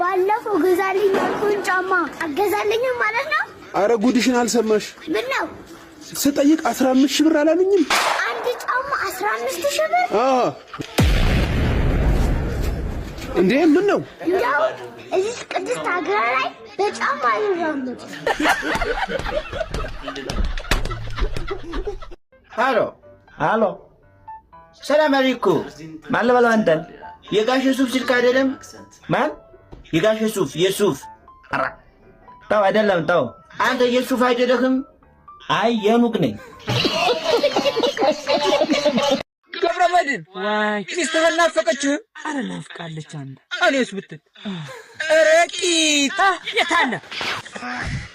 ባለፈው ገዛልኝ ያልኩህን ጫማ አገዛልኝም ማለት ነው። አረ ጉድሽን አልሰማሽ። ምን ነው ስጠይቅ 15 ሺህ ብር አላለኝም? አንድ ጫማ 15 ሺህ ብር? እንዴ ምን ነው እንዲያው እዚህ ቅድስት አገራ ላይ በጫማ ይራመድ። ሃሎ ሃሎ፣ ሰላም አለይኩም ማለበለው አንተን የጋሽ ሱፍ ስልክ አይደለም። ማን የጋሽ ሱፍ የሱፍ አራ ታው አይደለም። ታው አንተ የሱፍ አይደለህም። አይ የኑቅ ነኝ። ገብረ መድን ሚስትህ ናፈቀችህ? ኧረ ናፍቃለች። አንድ እኔስ ብትል ኧረ ቂጣ የት